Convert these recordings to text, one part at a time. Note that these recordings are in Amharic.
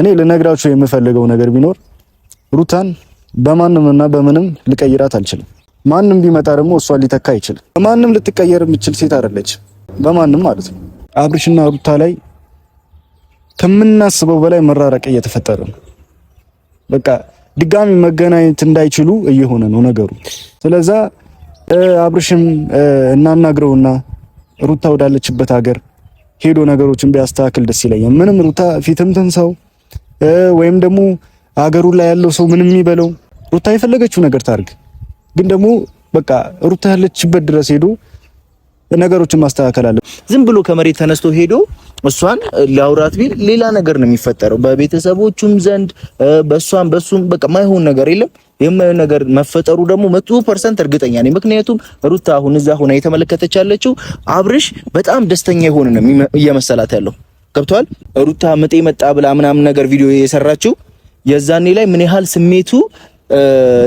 እኔ ልነግራችሁ የምፈልገው ነገር ቢኖር ሩታን በማንም እና በምንም ልቀይራት አልችልም። ማንም ቢመጣ ደግሞ እሷን ሊተካ አይችልም። በማንም ልትቀየር የምችል ሴት አይደለች፣ በማንም ማለት ነው። አብርሽና ሩታ ላይ ከምናስበው በላይ መራረቅ እየተፈጠረ ነው። በቃ ድጋሚ መገናኘት እንዳይችሉ እየሆነ ነው ነገሩ። ስለዛ አብርሽም እናናግረውና ሩታ ወዳለችበት ሀገር ሄዶ ነገሮችን ቢያስተካክል ደስ ይለኛል። ምንም ሩታ ፊትም ትንሰው ወይም ደግሞ አገሩ ላይ ያለው ሰው ምንም የሚበለው ሩታ የፈለገችው ነገር ታርግ። ግን ደግሞ በቃ ሩታ ያለችበት ድረስ ሄዶ ነገሮችን ማስተካከል አለ። ዝም ብሎ ከመሬት ተነስቶ ሄዶ እሷን ላውራት ቢል ሌላ ነገር ነው የሚፈጠረው፣ በቤተሰቦቹም ዘንድ በእሷም በሱም በቃ ማይሆን ነገር የለም። የማይሆን ነገር መፈጠሩ ደግሞ መቶ ፐርሰንት እርግጠኛ ነኝ። ምክንያቱም ሩታ አሁን እዛ ሆና የተመለከተች ያለችው አብርሽ በጣም ደስተኛ የሆነ ነው እየመሰላት ያለው ገብቷል። ሩታ ምጤ መጣ ብላ ምናምን ነገር ቪዲዮ የሰራችው የዛኔ ላይ ምን ያህል ስሜቱ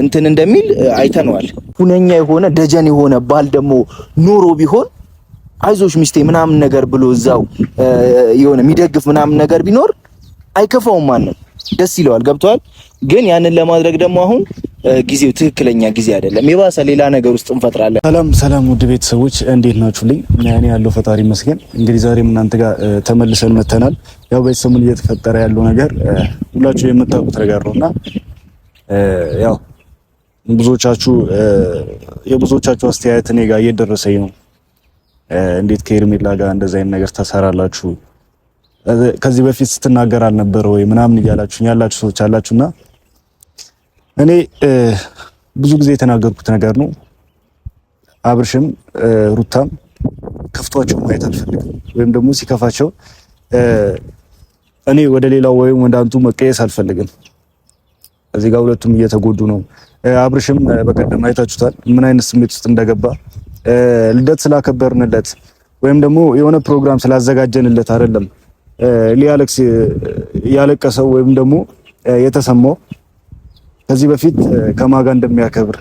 እንትን እንደሚል አይተነዋል። ሁነኛ የሆነ ደጀን የሆነ ባል ደግሞ ኖሮ ቢሆን አይዞሽ ሚስቴ ምናምን ነገር ብሎ እዛው የሆነ የሚደግፍ ምናምን ነገር ቢኖር አይከፋውም ማለት ደስ ይለዋል። ገብቷል። ግን ያንን ለማድረግ ደግሞ አሁን ጊዜው ትክክለኛ ጊዜ አይደለም። የባሰ ሌላ ነገር ውስጥ እንፈጥራለን። ሰላም ሰላም፣ ውድ ቤተሰቦች እንዴት ናችሁልኝ? እኔ ያለው ፈጣሪ ይመስገን። እንግዲህ ዛሬም እናንተ ጋር ተመልሰን መተናል። ያው ቤተሰቡን እየተፈጠረ ያለው ነገር ሁላችሁ የምታውቁት ነገር ነውና ያው ብዙዎቻችሁ የብዙዎቻችሁ አስተያየት እኔ ጋር እየደረሰኝ ነው። እንዴት ከሄርሜላ ጋር እንደዚህ አይነት ነገር ተሰራላችሁ ከዚህ በፊት ስትናገር አልነበረ ወይ ምናምን እያላችሁ ያላችሁ ሰዎች አላችሁና እኔ ብዙ ጊዜ የተናገርኩት ነገር ነው። አብርሽም ሩታም ከፍቷቸው ማየት አልፈልግም፣ ወይም ደግሞ ሲከፋቸው እኔ ወደ ሌላው ወይም ወደ አንቱ መቀየስ አልፈልግም። እዚህ ጋር ሁለቱም እየተጎዱ ነው። አብርሽም በቀደም አይታችሁታል ምን አይነት ስሜት ውስጥ እንደገባ ልደት ስላከበርንለት ወይም ደግሞ የሆነ ፕሮግራም ስላዘጋጀንለት አይደለም ሊያለቅስ ያለቀሰው ወይም ደግሞ የተሰማው ከዚህ በፊት ከማጋ እንደሚያከብር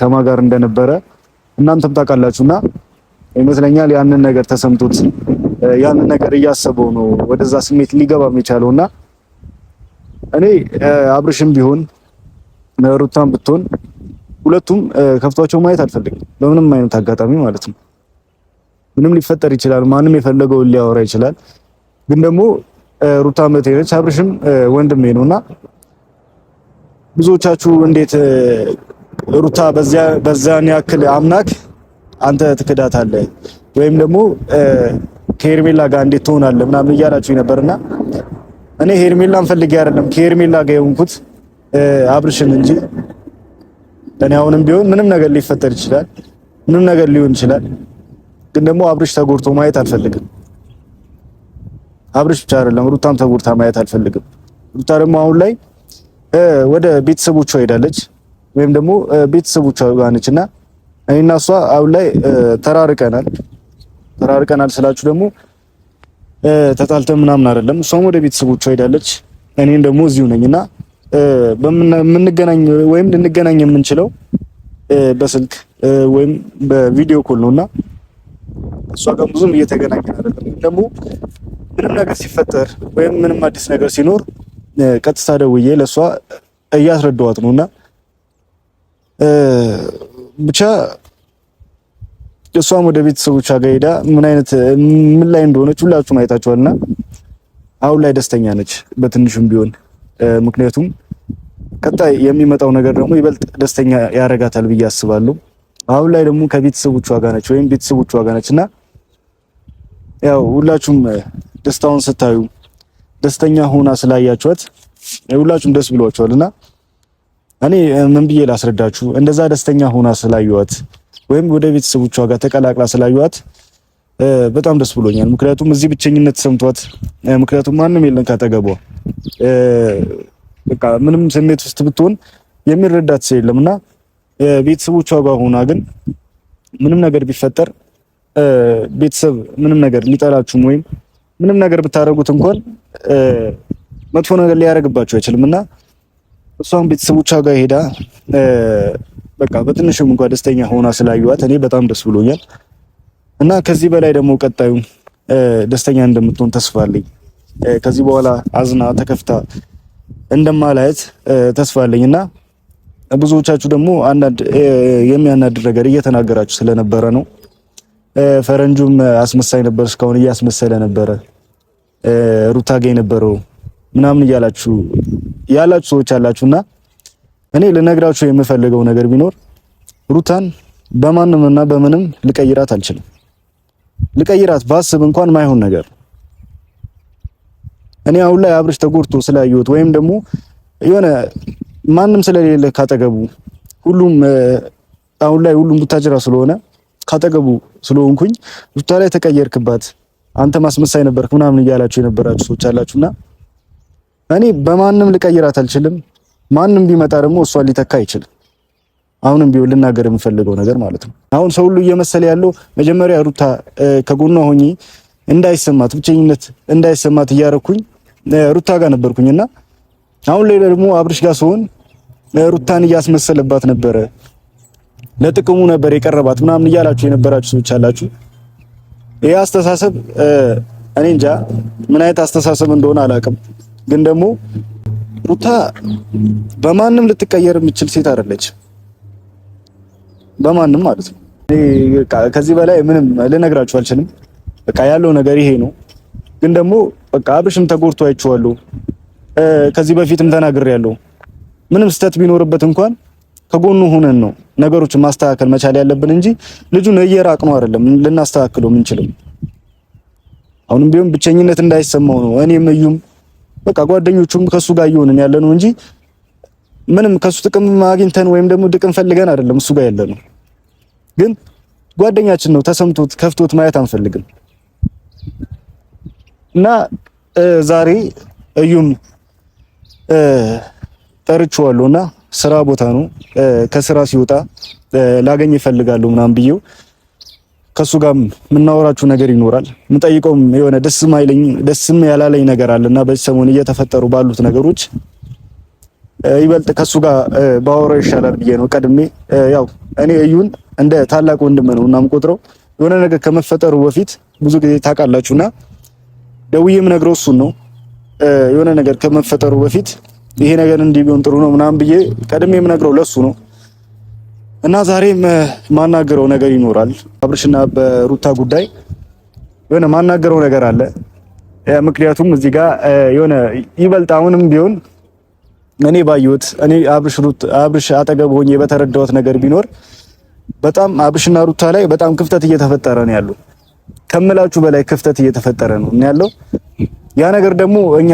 ከማጋር እንደነበረ እናንተም ታውቃላችሁና ይመስለኛል ያንን ነገር ተሰምቶት ያንን ነገር እያሰበው ነው ወደዛ ስሜት ሊገባም እና እኔ አብርሽም ቢሆን ሩታም ብትሆን ሁለቱም ከፍቷቸው ማየት አልፈልግም፣ በምንም አይነት አጋጣሚ ማለት ነው። ምንም ሊፈጠር ይችላል። ማንም የፈለገውን ሊያወራ ይችላል። ግን ደግሞ ሩታ መቴ ነች፣ አብርሽም ወንድሜ ነው እና ብዙዎቻችሁ እንዴት ሩታ በዛን ያክል አምናክ አንተ ትክዳታለህ ወይም ደግሞ ከሄርሜላ ጋር እንዴት ትሆናለህ ምናምን እያላችሁ ነበርና እኔ ሄርሜላን ፈልጌ አይደለም ከሄርሜላ ጋር የሆንኩት አብርሽን እንጂ እኔ አሁንም ቢሆን ምንም ነገር ሊፈጠር ይችላል፣ ምንም ነገር ሊሆን ይችላል። ግን ደግሞ አብርሽ ተጎድቶ ማየት አልፈልግም። አብርሽ ብቻ አይደለም፣ ሩታም ተጎድታ ማየት አልፈልግም። ሩታ ደግሞ አሁን ላይ ወደ ቤተሰቦቿ ሄዳለች ወይም ደግሞ ቤተሰቦቿ ጋር ነች እና እኔና እሷ አሁን ላይ ተራርቀናል። ተራርቀናል ስላችሁ ደግሞ ተጣልተን ምናምን አይደለም። እሷም ወደ ቤተሰቦቿ ሄዳለች፣ እኔም ደግሞ እዚሁ ነኝ እና ወይም ልንገናኝ የምንችለው በስልክ ወይም በቪዲዮ ኮል ነውና እሷ ጋር ብዙም እየተገናኘን አይደለም። ደግሞ ምንም ነገር ሲፈጠር ወይም ምንም አዲስ ነገር ሲኖር ቀጥታ ደውዬ ለእሷ እያስረዳዋት ነው እና ብቻ እሷም ወደ ቤተሰቦቿ ጋር ሄዳ ምን አይነት ምን ላይ እንደሆነች ሁላችሁም አይታችኋልና አሁን ላይ ደስተኛ ነች በትንሹም ቢሆን ምክንያቱም ቀጣይ የሚመጣው ነገር ደግሞ ይበልጥ ደስተኛ ያደርጋታል ብዬ አስባለሁ። አሁን ላይ ደግሞ ከቤተሰቦቿ ጋር ነች ወይም ቤተሰቦቿ ጋር ነች እና ያው ሁላችሁም ደስታውን ስታዩ ደስተኛ ሆና ስላያችኋት ሁላችሁም ደስ ብሏችኋልና እኔ ምን ብዬ ላስረዳችሁ፣ እንደዛ ደስተኛ ሆና ስላዩዋት ወይም ወደ ቤተሰቦቿ ጋር ተቀላቅላ ስላዩዋት በጣም ደስ ብሎኛል። ምክንያቱም እዚህ ብቸኝነት ሰምቷት፣ ምክንያቱም ማንም የለም ካጠገቧ በቃ ምንም ስሜት ውስጥ ብትሆን የሚረዳት ሰው እና ቤተሰቦቿ ጋር ሆና ግን ምንም ነገር ቢፈጠር ቤተሰብ ምንም ነገር ሊጠላችሁም ወይም ምንም ነገር ብታደርጉት እንኳን መጥፎ ነገር ሊያደርግባችሁ አይችልም እና እሷን ቤተሰቦቿ ጋር ሄዳ በቃ በትንሽም እንኳን ደስተኛ ሆና ስላዩዋት እኔ በጣም ደስ ብሎኛል እና ከዚህ በላይ ደግሞ ቀጣዩ ደስተኛ እንደምትሆን ተስፋ አለኝ። ከዚህ በኋላ አዝና ተከፍታ እንደማላየት ተስፋ አለኝ እና ብዙዎቻችሁ ደግሞ አንዳንድ የሚያናድር ነገር እየተናገራችሁ ስለነበረ ነው ፈረንጁም አስመሳይ ነበር፣ እስካሁን እያስመሰለ ነበረ ሩታ ጋ የነበረው ምናምን እያላችሁ ያላችሁ ሰዎች አላችሁና እኔ ልነግራችሁ የምፈልገው ነገር ቢኖር ሩታን በማንም እና በምንም ልቀይራት አልችልም። ልቀይራት ባስብ እንኳን ማይሆን ነገር እኔ አሁን ላይ አብርሽ ተጎድቶ ስላየሁት ወይም ደግሞ የሆነ ማንም ስለሌለ ካጠገቡ ሁሉም አሁን ላይ ሁሉም ቡታጅራ ስለሆነ ካጠገቡ ስለሆንኩኝ ሩታ ላይ ተቀየርክባት፣ አንተ ማስመሳይ ነበርክ ምናምን እያላችሁ የነበራችሁ ሰዎች አላችሁና እኔ በማንም ልቀይራት አልችልም። ማንም ቢመጣ ደግሞ እሷን ሊተካ አይችልም። አሁንም ቢሆን ልናገር የምፈልገው ነገር ማለት ነው አሁን ሰው ሁሉ እየመሰለ ያለው መጀመሪያ ሩታ ከጎኗ ሆኜ እንዳይሰማት ብቸኝነት እንዳይሰማት እያረኩኝ ሩታ ጋር ነበርኩኝና አሁን ላይ ደግሞ አብርሽ ጋር ሰሆን ሩታን እያስመሰለባት ነበረ ለጥቅሙ ነበር የቀረባት ምናምን እያላችሁ የነበራችሁ ሰዎች አላችሁ። ይህ አስተሳሰብ እኔ እንጃ ምን አይነት አስተሳሰብ እንደሆነ አላውቅም፣ ግን ደግሞ ሩታ በማንም ልትቀየር የምችል ሴት አይደለች፣ በማንም ማለት ነው። ከዚህ በላይ ምንም ልነግራችሁ አልችልም። በቃ ያለው ነገር ይሄ ነው። ግን ደግሞ በቃ አብርሽም ተጎድቶ አይቼዋለሁ፣ ከዚህ በፊትም ተናግሬያለሁ። ምንም ስህተት ቢኖርበት እንኳን ከጎኑ ሆነን ነው ነገሮችን ማስተካከል መቻል ያለብን እንጂ ልጁን እየራቅ ነው አይደለም ልናስተካክለው ምንችልም። አሁንም ቢሆን ብቸኝነት እንዳይሰማው ነው እኔም እዩም በቃ ጓደኞቹም ከሱ ጋር እየሆንን ያለ ነው እንጂ ምንም ከሱ ጥቅም አግኝተን ወይም ደግሞ ጥቅም ፈልገን አይደለም እሱ ጋር ያለ ነው። ግን ጓደኛችን ነው ተሰምቶት ከፍቶት ማየት አንፈልግም እና ዛሬ እዩም ጠርቼዋለሁና ስራ ቦታ ነው። ከስራ ሲወጣ ላገኝ ይፈልጋሉ ምናምን ብዬው ከሱ ጋር የምናወራችሁ ነገር ይኖራል። የምጠይቀውም የሆነ ደስ ማይለኝ ደስም ያላለኝ ነገር አለ እና በዚህ ሰሞን እየተፈጠሩ ባሉት ነገሮች ይበልጥ ከሱ ጋር ባወራው ይሻላል ብዬ ነው ቀድሜ። ያው እኔ እዩን እንደ ታላቅ ወንድም ነው እና የምቆጥረው የሆነ ነገር ከመፈጠሩ በፊት ብዙ ጊዜ ታውቃላችሁና ደውዬም ነግረው እሱን ነው የሆነ ነገር ከመፈጠሩ በፊት ይሄ ነገር እንዲህ ቢሆን ጥሩ ነው ምናምን ብዬ ቀድሜ የምነግረው ለሱ ነው። እና ዛሬም ማናገረው ነገር ይኖራል። አብርሽና በሩታ ጉዳይ የሆነ ማናገረው ነገር አለ። ምክንያቱም እዚህ ጋር የሆነ ይበልጥ አሁንም ቢሆን እኔ ባየሁት እኔ አብርሽ ሩት አብርሽ አጠገብ ሆኜ በተረዳሁት ነገር ቢኖር በጣም አብርሽና ሩታ ላይ በጣም ክፍተት እየተፈጠረ ነው ያለው ከምላችሁ በላይ ክፍተት እየተፈጠረ ነው ያለው። ያ ነገር ደግሞ እኛ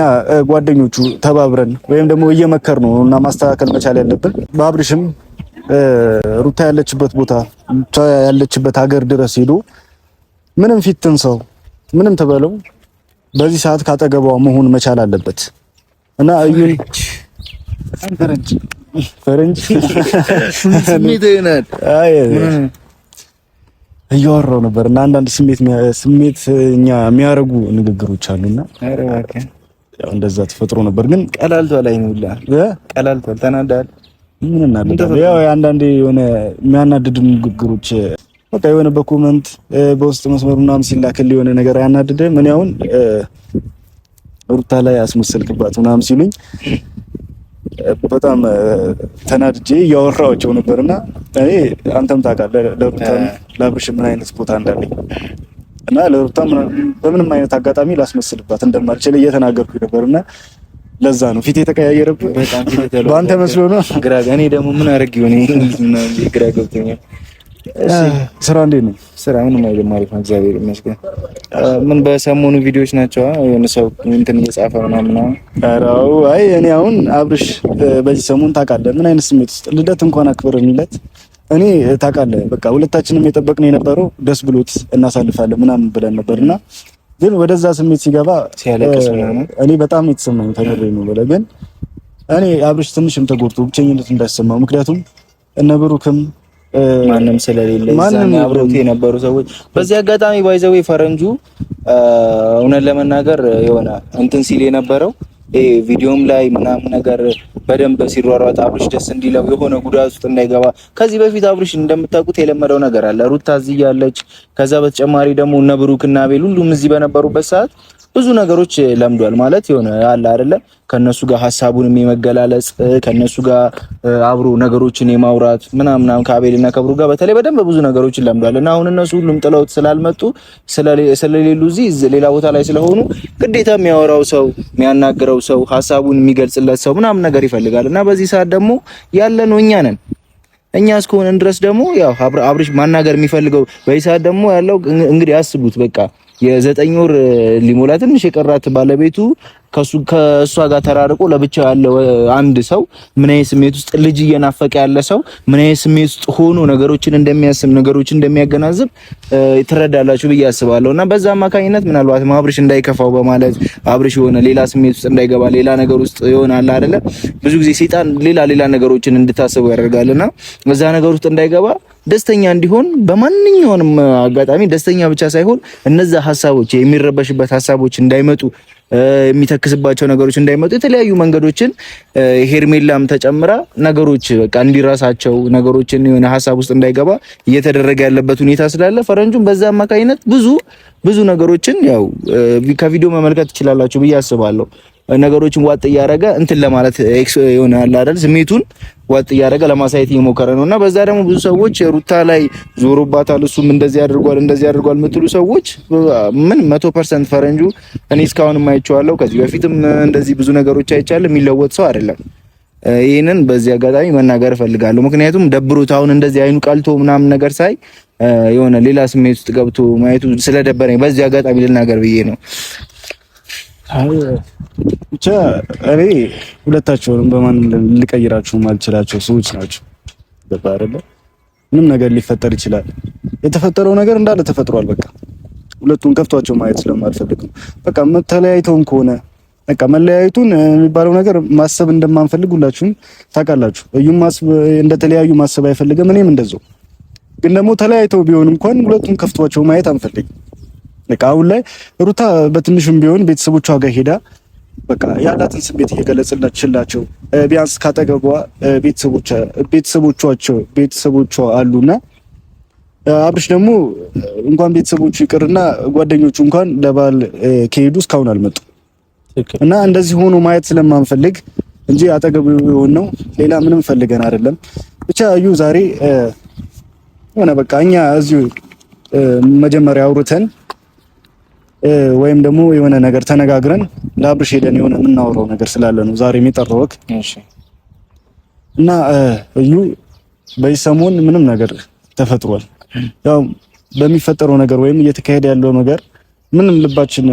ጓደኞቹ ተባብረን ወይም ደግሞ እየመከር ነው እና ማስተካከል መቻል ያለብን በአብርሽም ሩታ ያለችበት ቦታ ያለችበት ሀገር ድረስ ሄዶ ምንም ፊትን ሰው ምንም ትበለው በዚህ ሰዓት ካጠገቧ መሆን መቻል አለበት እና እዩን ፈረንጅ ፈረንጅ እያወራው ነበር እና አንዳንድ ስሜት ስሜት እኛ የሚያደርጉ ንግግሮች አሉና ያው እንደዛ ተፈጥሮ ነበር። ግን ቀላልቷል፣ አይኑላ ቀላልቷል፣ ተናዳል። ምን እናደርጋለን? ያው አንዳንዴ የሆነ የሚያናድዱ ንግግሮች በቃ የሆነ በኮመንት በውስጥ መስመር ምናምን ሲላክል የሆነ ነገር ያናድደ ምን ያውን ሩታ ላይ አስመሰልክባት ምናምን ሲሉኝ በጣም ተናድጄ እያወራኋቸው ነበር እና እኔ አንተም ታውቃለህ ለሩታ ለአብርሽ ምን አይነት ቦታ እንዳለኝ እና ለሩታ በምንም አይነት አጋጣሚ ላስመስልባት እንደማልችል እየተናገርኩ ነበር እና ለዛ ነው ፊት የተቀያየረብህ። በአንተ መስሎ ነው ግራ። እኔ ደግሞ ምን አደረግ ይሆን ግራ ገብቶኛል። ስራ እንዴት ነው? ስራ ምንም አይልም፣ አሪፍ ነው፣ እግዚአብሔር ይመስገን። ምን በሰሞኑ ቪዲዮዎች ናቸው የሆነ ሰው እንትን እየጻፈ ምናምን። አዎ፣ አይ እኔ አሁን አብርሽ በዚህ ሰሞን ታውቃለህ ምን አይነት ስሜት ውስጥ ልደት እንኳን አክብርንለት እኔ ታውቃለህ፣ በቃ ሁለታችንም የጠበቅነው የነበረው ደስ ብሎት እናሳልፋለን ምናምን ብለን ነበርና ግን ወደዛ ስሜት ሲገባ ሲያለቅስ እኔ በጣም የተሰማኝ ተምሬ ነው ብለህ ግን እኔ አብርሽ ትንሽም ተጎድቶ ብቸኝነት እንዳይሰማው ምክንያቱም እነ ብሩክም ማንም ስለሌለ ማንም አብሮት የነበሩ ሰዎች በዚህ አጋጣሚ ባይዘው ፈረንጁ እውነት ለመናገር የሆነ እንትን ሲል የነበረው ይሄ ቪዲዮም ላይ ምናምን ነገር በደንብ ሲሯሯጥ አብርሽ ደስ እንዲለው የሆነ ጉዳት ውስጥ እንዳይገባ ከዚህ በፊት አብርሽ እንደምታውቁት የለመደው ነገር አለ። ሩታ እዚህ ያለች፣ ከዛ በተጨማሪ ደግሞ እነ ብሩክ እና ቤል ሁሉም እዚህ በነበሩበት ሰዓት ብዙ ነገሮች ለምዷል ማለት የሆነ አለ አይደለ ከነሱ ጋር ሀሳቡን የመገላለጽ ከነሱ ጋር አብሮ ነገሮችን የማውራት ምናምናም ከአቤልና ከብሩ ጋር በተለይ በደንብ ብዙ ነገሮችን ለምዷል እና አሁን እነሱ ሁሉም ጥለውት ስላልመጡ ስለሌሉ እዚህ ሌላ ቦታ ላይ ስለሆኑ ግዴታ የሚያወራው ሰው የሚያናግረው ሰው ሀሳቡን የሚገልጽለት ሰው ምናምን ነገር ይፈልጋል እና በዚህ ሰዓት ደግሞ ያለነው እኛ ነን እኛ እስከሆነን ድረስ ደግሞ ያው አብርሽ ማናገር የሚፈልገው በዚህ ሰዓት ደግሞ ያለው እንግዲህ አስቡት በቃ የዘጠኝ ወር ሊሞላ ትንሽ የቀራት ባለቤቱ ከእሷ ጋር ተራርቆ ለብቻው ያለ አንድ ሰው ምን አይነት ስሜት ውስጥ ልጅ እየናፈቀ ያለ ሰው ምን አይነት ስሜት ውስጥ ሆኖ ነገሮችን እንደሚያስብ ነገሮችን እንደሚያገናዝብ ትረዳላችሁ ብዬ አስባለሁ። እና በዛ አማካኝነት ምናልባትም አብርሽ እንዳይከፋው በማለት አብርሽ የሆነ ሌላ ስሜት ውስጥ እንዳይገባ ሌላ ነገር ውስጥ ይሆናል አይደለ? ብዙ ጊዜ ሰይጣን ሌላ ሌላ ነገሮችን እንድታስበው ያደርጋልና በዛ ነገር ውስጥ እንዳይገባ ደስተኛ እንዲሆን በማንኛውም አጋጣሚ ደስተኛ ብቻ ሳይሆን እነዛ ሀሳቦች የሚረበሽበት ሀሳቦች እንዳይመጡ የሚተክስባቸው ነገሮች እንዳይመጡ የተለያዩ መንገዶችን ሄርሜላም ተጨምራ ነገሮች በቃ እንዲራሳቸው ነገሮችን የሆነ ሀሳብ ውስጥ እንዳይገባ እየተደረገ ያለበት ሁኔታ ስላለ ፈረንጁን በዛ አማካኝነት ብዙ ብዙ ነገሮችን ያው ከቪዲዮ መመልከት ትችላላችሁ ብዬ አስባለሁ። ነገሮችን ዋጥ እያደረገ እንትን ለማለት የሆነ አይደል ስሜቱን ወጥ እያደረገ ለማሳየት እየሞከረ ነው እና በዛ ደግሞ ብዙ ሰዎች ሩታ ላይ ዞሮባታል፣ እሱም እንደዚህ አድርጓል፣ እንደዚህ አድርጓል የምትሉ ሰዎች ምን መቶ ፐርሰንት ፈረንጁ እኔ እስካሁንም አይቼዋለሁ። ከዚህ በፊትም እንደዚህ ብዙ ነገሮች አይቻለ የሚለወጥ ሰው አይደለም። ይህንን በዚህ አጋጣሚ መናገር እፈልጋለሁ። ምክንያቱም ደብሮት አሁን እንደዚህ አይኑ ቀልቶ ምናምን ነገር ሳይ የሆነ ሌላ ስሜት ውስጥ ገብቶ ማየቱ ስለደበረኝ በዚህ አጋጣሚ ልናገር ብዬ ነው። ብቻ እኔ ሁለታቸውንም በማንም ልቀይራቸው ማልችላቸው ሰዎች ናቸው። ገባ አይደለ? ምንም ነገር ሊፈጠር ይችላል። የተፈጠረው ነገር እንዳለ ተፈጥሯል። በቃ ሁለቱን ከፍቷቸው ማየት ስለማልፈልግ ነው። በቃ መተለያይተውን ከሆነ በቃ መለያየቱን የሚባለው ነገር ማሰብ እንደማንፈልግ ሁላችሁም ታውቃላችሁ። እዩም እንደተለያዩ ማሰብ አይፈልግም፣ እኔም እንደዛው። ግን ደግሞ ተለያይተው ቢሆን እንኳን ሁለቱን ከፍቷቸው ማየት አንፈልግም። በቃ አሁን ላይ ሩታ በትንሹም ቢሆን ቤተሰቦቿ ጋር ሄዳ በቃ ያላትን ስሜት እየገለጽላችላቸው ቢያንስ ካጠገቧ ቤተሰቦቿቸው ቤተሰቦቿ አሉና አብርሽ ደግሞ እንኳን ቤተሰቦቹ ይቅርና ጓደኞቹ እንኳን ለባል ከሄዱ እስካሁን አልመጡ እና እንደዚህ ሆኖ ማየት ስለማንፈልግ እንጂ አጠገቡ የሆን ነው ሌላ ምንም ፈልገን አይደለም። ብቻ እዩ ዛሬ ሆነ በቃ እኛ እዚሁ መጀመሪያ አውርተን ወይም ደግሞ የሆነ ነገር ተነጋግረን ለአብርሽ ሄደን የሆነ የምናወራው ነገር ስላለ ነው ዛሬ የሚጠራውክ። እሺ። እና እዩ በዚህ ሰሞን ምንም ነገር ተፈጥሯል። ያው በሚፈጠረው ነገር ወይም እየተካሄደ ያለው ነገር ምንም ልባችን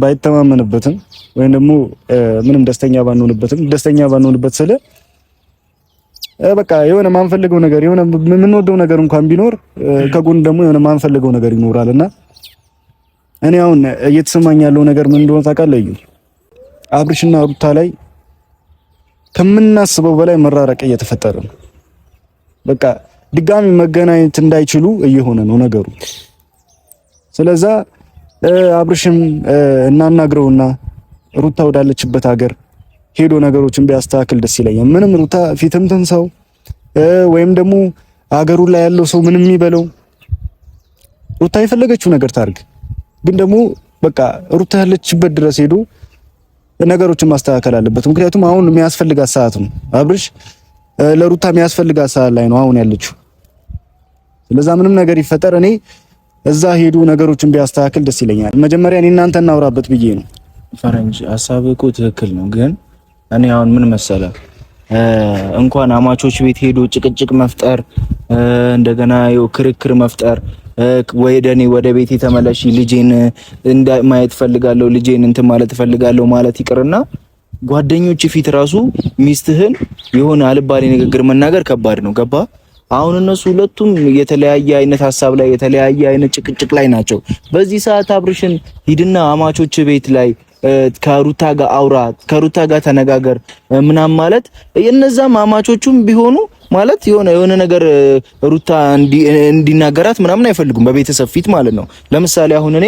ባይተማመንበትም ወይም ደግሞ ምንም ደስተኛ ባንሆንበትም ደስተኛ ባንሆንበት ስለ በቃ የሆነ ማንፈልገው ነገር የሆነ የምንወደው ነገር እንኳን ቢኖር ከጎን ደግሞ የሆነ ማንፈልገው ነገር ይኖራል እና እኔ አሁን እየተሰማኝ ያለው ነገር ምን እንደሆነ ታውቃለህ? አብርሽና ሩታ ላይ ከምናስበው በላይ መራረቅ እየተፈጠረ ነው። በቃ ድጋሚ መገናኘት እንዳይችሉ እየሆነ ነው ነገሩ። ስለዛ አብርሽም እናናግረውና ሩታ ወዳለችበት ሀገር ሄዶ ነገሮችን ቢያስተካክል ደስ ይለኛል። ምንም ሩታ ፊትም ትንሳው ወይም ደግሞ አገሩ ላይ ያለው ሰው ምንም ይበለው፣ ሩታ የፈለገችው ነገር ታርግ። ግን ደግሞ በቃ ሩታ ያለችበት ድረስ ሄዶ ነገሮችን ማስተካከል አለበት። ምክንያቱም አሁን የሚያስፈልጋት ሰዓት ነው አብርሽ፣ ለሩታ የሚያስፈልጋት ሰዓት ላይ ነው አሁን ያለችው። ስለዛ ምንም ነገር ይፈጠር እኔ እዛ ሄዱ ነገሮችን ቢያስተካክል ደስ ይለኛል። መጀመሪያ እኔ እናንተ እናውራበት ብዬ ነው። ፈረንጅ ሀሳብ እኮ ትክክል ነው፣ ግን እኔ አሁን ምን መሰለ እንኳን አማቾች ቤት ሄዶ ጭቅጭቅ መፍጠር እንደገና ክርክር መፍጠር ወደ እኔ ወደ ቤቴ ተመለሺ፣ ልጄን እንደ ማየት ፈልጋለሁ፣ ልጄን እንትን ማለት ፈልጋለሁ ማለት ይቅርና ጓደኞች ፊት ራሱ ሚስትህን የሆነ አልባሌ ንግግር መናገር ከባድ ነው። ገባ? አሁን እነሱ ሁለቱም የተለያየ አይነት ሀሳብ ላይ የተለያየ አይነት ጭቅጭቅ ላይ ናቸው። በዚህ ሰዓት አብርሽን ሂድና አማቾች ቤት ላይ ከሩታ ጋር አውራ፣ ከሩታ ጋር ተነጋገር ምናምን ማለት የነዛ ማማቾቹም ቢሆኑ ማለት የሆነ የሆነ ነገር ሩታ እንዲናገራት ምናምን አይፈልጉም በቤተሰብ ፊት ማለት ነው። ለምሳሌ አሁን እኔ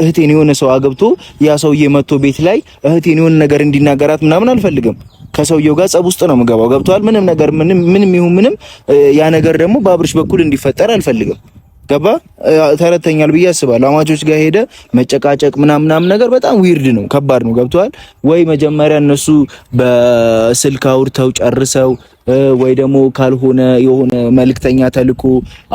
እህቴን የሆነ ሰው አገብቶ ያ ሰውዬ መጥቶ ቤት ላይ እህቴን የሆነ ነገር እንዲናገራት ምናምን አልፈልግም። ከሰውየው ጋር ጸብ ውስጥ ነው የምገባው። ገብቷል? ምንም ነገር ምንም ምንም ይሁን ምንም ያ ነገር ደግሞ በአብርሽ በኩል እንዲፈጠር አልፈልግም። ገባ ተረተኛል ብዬ አስባለሁ። አማቾች ጋር ሄደ መጨቃጨቅ ምናምናም ነገር በጣም ዊርድ ነው፣ ከባድ ነው። ገብቷል ወይ? መጀመሪያ እነሱ በስልክ አውርተው ጨርሰው ወይ ደግሞ ካልሆነ የሆነ መልክተኛ ተልኮ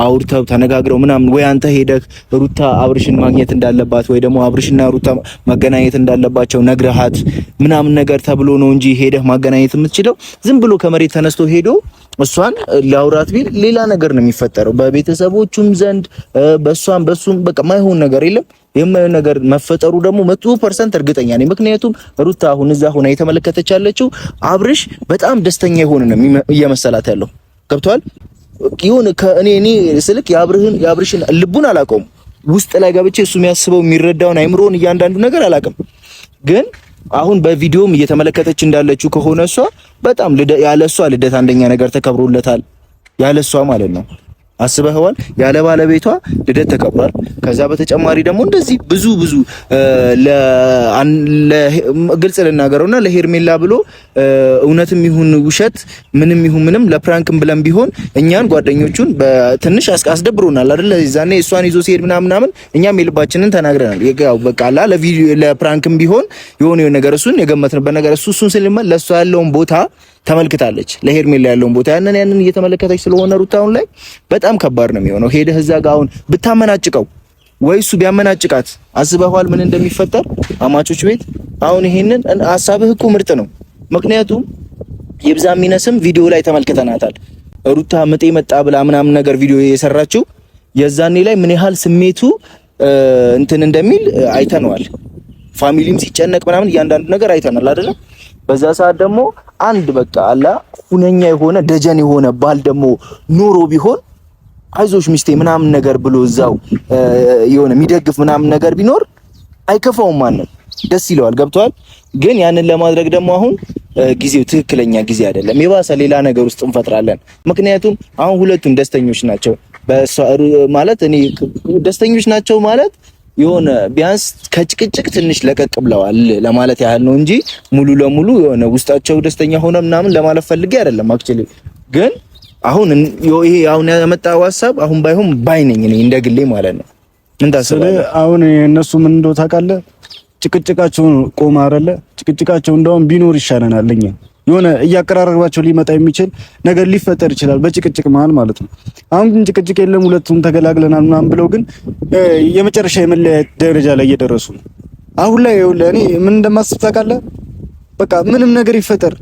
አውርተው ተነጋግረው ምናምን ወይ አንተ ሄደህ ሩታ አብርሽን ማግኘት እንዳለባት ወይ ደግሞ አብርሽና ሩታ መገናኘት እንዳለባቸው ነግረሃት ምናምን ነገር ተብሎ ነው እንጂ ሄደህ ማገናኘት የምትችለው። ዝም ብሎ ከመሬት ተነስቶ ሄዶ እሷን ለአውራት ቢል ሌላ ነገር ነው የሚፈጠረው በቤተሰቦቹም ዘንድ በእሷም በሱም በቃ ማይሆን ነገር የለም። የማየውን ነገር መፈጠሩ ደግሞ መቶ ፐርሰንት እርግጠኛ ነኝ። ምክንያቱም ሩታ አሁን እዛ ሆና የተመለከተች ያለችው አብርሽ በጣም ደስተኛ የሆነ ነው እየመሰላት ያለው ገብቷል። ይሁን ከእኔ እኔ ስልክ የአብርህን የአብርሽን ልቡን አላውቀውም። ውስጥ ላይ ገብቼ እሱ የሚያስበው የሚረዳውን አይምሮውን እያንዳንዱ ነገር አላውቅም ግን አሁን በቪዲዮም እየተመለከተች እንዳለችው ከሆነ እሷ በጣም ያለ እሷ ልደት አንደኛ ነገር ተከብሮለታል፣ ያለ እሷ ማለት ነው። አስበህዋል? ያለ ባለቤቷ ልደት ተከብሯል። ከዛ በተጨማሪ ደግሞ እንደዚህ ብዙ ብዙ ግልጽ ልናገረውና ለሄርሜላ ብሎ እውነትም ይሁን ውሸት ምንም ይሁን ምንም ለፕራንክም ብለን ቢሆን እኛን ጓደኞቹን በትንሽ አስደብሮናል አይደል? እዛኔ እሷን ይዞ ሲሄድ ምናምን ምናምን እኛም የልባችንን ተናግረናል። ያው በቃ አላ ለቪዲዮ ለፕራንክም ቢሆን የሆነ የሆነ ነገር እሱን የገመትንበት ነገር እሱ እሱን ስለማ ለእሷ ያለውን ቦታ ተመልክታለች ለሄርሜላ ያለውን ቦታ ያንን ያንን እየተመለከተች ስለሆነ ሩታ አሁን ላይ በጣም ከባድ ነው የሚሆነው። ሄደህ እዛ ጋር አሁን ብታመናጭቀው ወይ እሱ ቢያመናጭቃት አስበኋል ምን እንደሚፈጠር አማቾች ቤት። አሁን ይሄንን ሀሳብህ እኮ ምርጥ ነው ምክንያቱም ይብዛ ሚነስም ቪዲዮ ላይ ተመልክተናታል። ሩታ ምጤ መጣ ብላ ምናምን ነገር ቪዲዮ የሰራችው የዛኔ ላይ ምን ያህል ስሜቱ እንትን እንደሚል አይተነዋል። ፋሚሊም ሲጨነቅ ምናምን እያንዳንዱ ነገር አይተናል አይደለም። በዛ ሰዓት ደግሞ አንድ በቃ አላ ሁነኛ የሆነ ደጀን የሆነ ባል ደግሞ ኖሮ ቢሆን አይዞሽ ሚስቴ ምናምን ነገር ብሎ እዛው የሆነ የሚደግፍ ምናምን ነገር ቢኖር አይከፋውም፣ ማንም ደስ ይለዋል። ገብቷል ግን ያንን ለማድረግ ደግሞ አሁን ጊዜው ትክክለኛ ጊዜ አይደለም። የባሰ ሌላ ነገር ውስጥ እንፈጥራለን። ምክንያቱም አሁን ሁለቱም ደስተኞች ናቸው ማለት እኔ ደስተኞች ናቸው ማለት የሆነ ቢያንስ ከጭቅጭቅ ትንሽ ለቀቅ ብለዋል ለማለት ያህል ነው እንጂ ሙሉ ለሙሉ የሆነ ውስጣቸው ደስተኛ ሆነ ምናምን ለማለት ፈልጌ አይደለም። አክቹሊ ግን አሁን ይሄ አሁን ያመጣው ሀሳብ አሁን ባይሆን ባይነኝ እኔ እንደግሌ ማለት ነው። ምን ታስባለህ? አሁን እነሱ ምን እንደው ታውቃለህ ጭቅጭቃቸውን ቆመ አይደለ? ጭቅጭቃቸው እንደውም ቢኖር ይሻለናል። ለኛ የሆነ እያቀራረባቸው ሊመጣ የሚችል ነገር ሊፈጠር ይችላል በጭቅጭቅ መሀል ማለት ነው። አሁን ግን ጭቅጭቅ የለም፣ ሁለቱም ተገላግለናል ምናምን ብለው ግን የመጨረሻ የመለያየት ደረጃ ላይ እየደረሱ ነው። አሁን ላይ ይኸውልህ እኔ ምን እንደማስብ ታውቃለህ? በቃ ምንም ነገር ይፈጠር፣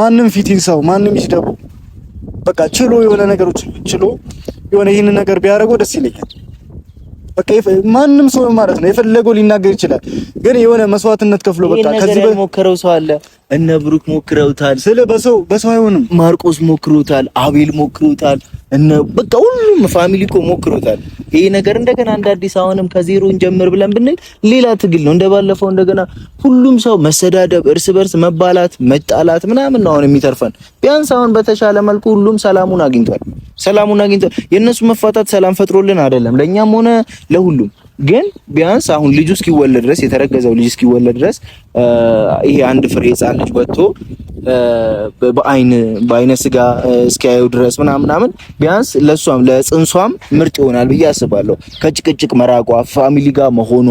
ማንም ፊት ይንሳው፣ ማንም ይስደቡ፣ በቃ ችሎ የሆነ ነገሮች ችሎ የሆነ ይህን ነገር ቢያደርገው ደስ ይለኛል። በቃ ማንም ሰው ማለት ነው የፈለገው ሊናገር ይችላል፣ ግን የሆነ መስዋዕትነት ከፍሎ በቃ ከዚህ በሞከረው ሰው አለ እነ ብሩክ ሞክረውታል። ስለ በሰው በሰው አይሆንም። ማርቆስ ሞክሮታል፣ አቤል ሞክሮታል፣ እነ በቃ ሁሉም ፋሚሊ እኮ ሞክሮታል። ይሄ ነገር እንደገና እንደ አዲስ አሁንም ከዜሮ እንጀምር ብለን ብንል ሌላ ትግል ነው። እንደባለፈው እንደገና ሁሉም ሰው መሰዳደብ፣ እርስ በርስ መባላት፣ መጣላት ምናምን ነው አሁን የሚተርፈን። ቢያንስ አሁን በተሻለ መልኩ ሁሉም ሰላሙን አግኝቷል፣ ሰላሙን አግኝቷል። የእነሱ መፋታት ሰላም ፈጥሮልን አይደለም ለእኛም ሆነ ለሁሉም ግን ቢያንስ አሁን ልጁ እስኪወለድ ድረስ የተረገዘው ልጅ እስኪወለድ ድረስ ይሄ አንድ ፍሬ ህፃን ልጅ ወጥቶ በአይን በአይነ ስጋ እስኪያየው ድረስ ምናምን ምናምን ቢያንስ ለእሷም ለጽንሷም ምርጥ ይሆናል ብዬ አስባለሁ። ከጭቅጭቅ መራቋ፣ ፋሚሊ ጋር መሆኗ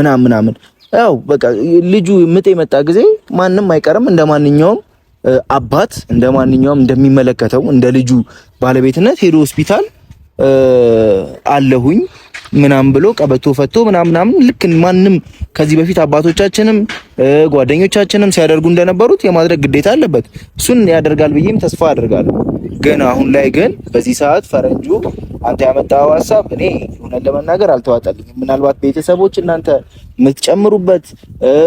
ምናምን ምናምን ያው በቃ ልጁ ምጥ የመጣ ጊዜ ማንም አይቀርም እንደ ማንኛውም አባት እንደ ማንኛውም እንደሚመለከተው እንደ ልጁ ባለቤትነት ሄዶ ሆስፒታል አለሁኝ ምናምን ብሎ ቀበቶ ፈቶ ምናምናምን ልክ ማንም ከዚህ በፊት አባቶቻችንም ጓደኞቻችንም ሲያደርጉ እንደነበሩት የማድረግ ግዴታ አለበት። እሱን ያደርጋል ብዬም ተስፋ አደርጋለሁ። ግን አሁን ላይ ግን በዚህ ሰዓት ፈረንጁ አንተ ያመጣው ሀሳብ እኔ እውነት ለመናገር አልተዋጠልኝም። ምናልባት ቤተሰቦች እናንተ የምትጨምሩበት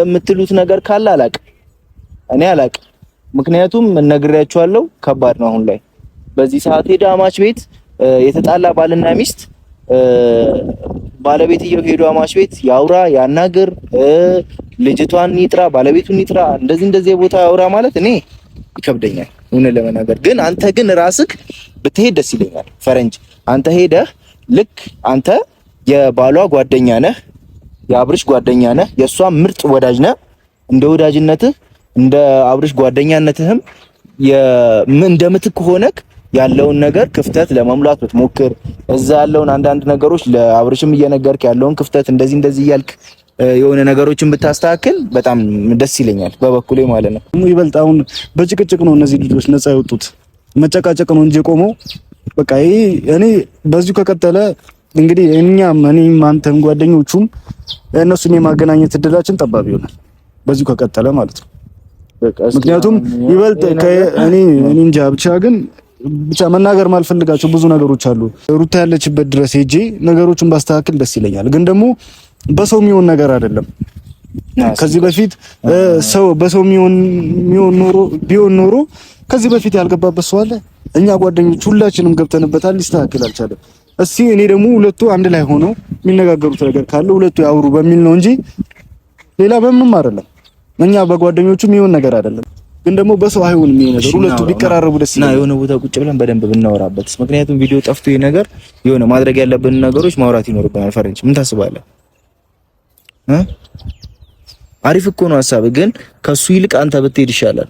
የምትሉት ነገር ካለ አላቅ እኔ አላቅ ምክንያቱም እነግሬያችኋለሁ፣ ከባድ ነው አሁን ላይ በዚህ ሰዓት ሄደ አማች ቤት የተጣላ ባልና ሚስት ባለቤትየው ሄዶ አማች ቤት ያውራ ያናግር፣ ልጅቷን ይጥራ፣ ባለቤቱን ይጥራ፣ እንደዚህ እንደዚህ ቦታ ያውራ ማለት እኔ ይከብደኛል እውነት ለመናገር ግን፣ አንተ ግን ራስህ ብትሄድ ደስ ይለኛል። ፈረንጅ አንተ ሄደህ ልክ አንተ የባሏ ጓደኛ ነህ፣ የአብርሽ ጓደኛ ነህ፣ የእሷ ምርጥ ወዳጅ ነህ። እንደ ወዳጅነትህ እንደ አብርሽ ጓደኛነትህም እንደምትክ ሆነክ ያለውን ነገር ክፍተት ለመሙላት ብትሞክር እዛ ያለውን አንዳንድ ነገሮች ለአብርሽም እየነገርክ ያለውን ክፍተት እንደዚህ እንደዚህ እያልክ የሆነ ነገሮችን ብታስተካክል በጣም ደስ ይለኛል፣ በበኩሌ ማለት ነው። ይበልጥ አሁን በጭቅጭቅ ነው እነዚህ ልጆች ነፃ የወጡት፣ መጨቃጨቅ ነው እንጂ የቆመው በቃ ይሄ እኔ በዚሁ ከቀጠለ እንግዲህ እኛም እኔም አንተም ጓደኞቹም እነሱን የማገናኘት እድላችን ጠባብ ይሆናል፣ በዚሁ ከቀጠለ ማለት ነው። ምክንያቱም ይበልጥ እኔ እንጃ ብቻ ግን ብቻ መናገር ማልፈልጋቸው ብዙ ነገሮች አሉ። ሩታ ያለችበት ድረስ ሄጄ ነገሮችን ባስተካክል ደስ ይለኛል። ግን ደግሞ በሰው የሚሆን ነገር አይደለም። ከዚህ በፊት ሰው በሰው የሚሆን ኖሮ ቢሆን ኖሮ ከዚህ በፊት ያልገባበት ሰው አለ። እኛ ጓደኞች ሁላችንም ገብተንበታል። ሊስተካክል አልቻለም። እስቲ እኔ ደግሞ ሁለቱ አንድ ላይ ሆነው የሚነጋገሩት ነገር ካለ ሁለቱ ያውሩ በሚል ነው እንጂ ሌላ በምንም አይደለም። እኛ በጓደኞቹ የሚሆን ነገር አይደለም። ግን ደግሞ በሰው አይሆንም ይሄ ሁለቱ ቢቀራረቡ ደስ ይላል። የሆነ ቦታ ቁጭ ብለን በደንብ ብናወራበት፣ ምክንያቱም ቪዲዮ ጠፍቶ ይሄ ነገር የሆነ ማድረግ ያለብን ነገሮች ማውራት ይኖርብናል። ፈረንጅ ምን ታስባለህ? አሪፍ እኮ ነው ሀሳብ፣ ግን ከሱ ይልቅ አንተ ብትሄድ ይሻላል።